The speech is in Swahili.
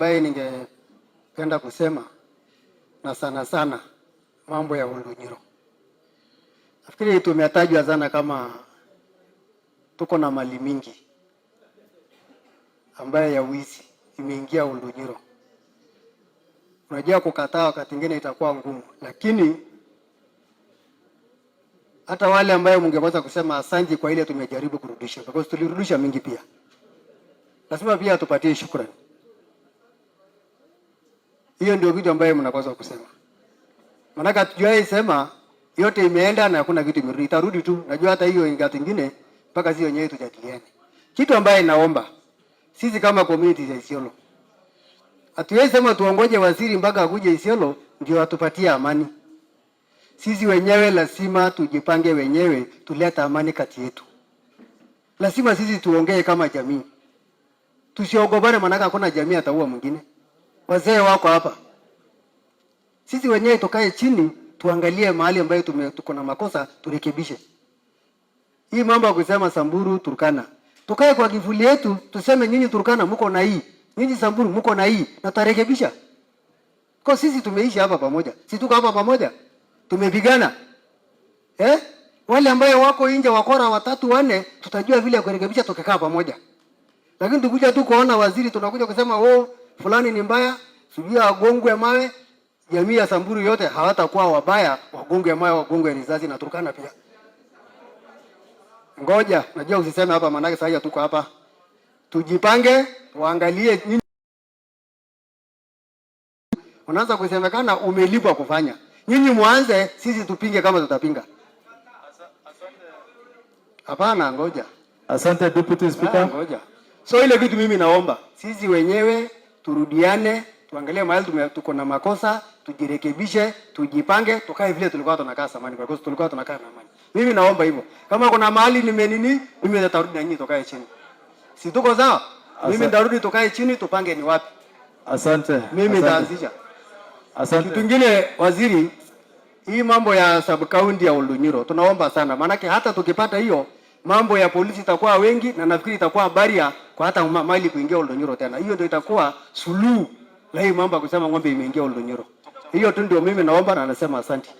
ambaye ningependa kusema na sana sana mambo ya Ulunyiro. Nafikiri tumetajwa sana kama tuko na mali mingi ambayo ya wizi imeingia Ulunyiro. Unajua, kukataa wakati mwingine itakuwa ngumu, lakini hata wale ambayo mungeweza kusema asanji kwa ile tumejaribu kurudisha, because tulirudisha mingi pia, lazima pia tupatie shukrani. Hiyo ndio kitu ambayo mnapaswa kusema, maanake hatujawahi sema yote imeenda na hakuna kitu imerudi, itarudi tu. Najua hata hiyo ingati nyingine mpaka sio yenyewe tujadiliane. Kitu ambaye naomba sisi kama community ya Isiolo, hatuwezi sema tuongoje waziri mpaka akuje Isiolo ndio atupatie amani. Sisi wenyewe lazima tujipange wenyewe, tuleta amani kati yetu. Lazima sisi tuongee kama jamii, tusiogopane, maanake hakuna jamii ataua mwingine wazee wako hapa. Sisi wenyewe tukae chini tuangalie mahali ambayo tuko na makosa turekebishe. Hii mambo ya kusema Samburu Turkana, tukae kwa kivuli yetu, tuseme nyinyi Turkana mko na hii, nyinyi Samburu mko na hii, na tutarekebisha. Kwa sisi tumeishi hapa pamoja, si tuko hapa pamoja, tumepigana eh? Wale ambayo wako nje wakora watatu wanne, tutajua vile ya kurekebisha tukikaa pamoja, lakini tukuja tu kuona waziri tunakuja kusema oh fulani ni mbaya, sijui agongwe mawe. Jamii ya Samburu yote hawatakuwa wabaya, wagongwe mawe, wagongwe risasi na Turkana pia. Ngoja najua usiseme hapa, maanake sasa tuko hapa, tujipange, waangalie. Unaanza kusemekana umelipwa kufanya, nyinyi mwanze, sisi tupinge kama tutapinga. Hapana, ngoja. Asante Deputy Speaker. Ngoja. So ile kitu mimi naomba sisi wenyewe turudiane, tuangalie mahali tuko na makosa, tujirekebishe, tujipange, tukae vile tulikuwa tunakaa zamani, kwa sababu tulikuwa tunakaa na amani. Mimi naomba hivyo, kama kuna mahali nimenini, mimi nitarudi na nyinyi, tukae chini, si tuko sawa? Mimi nitarudi, tukae chini, tupange ni wapi. Asante, mimi nitaanzisha. Asante. Kitu kingine waziri, hii mambo ya sub county ya Oldonyiro tunaomba sana, maanake hata tukipata hiyo mambo ya polisi itakuwa wengi, na nafikiri itakuwa baria kwa hata mali kuingia Oldonyoro tena. Hiyo ndio itakuwa suluhu la hii mambo ya kusema ng'ombe imeingia Oldonyoro. Hiyo tu ndio mimi naomba na nasema asante.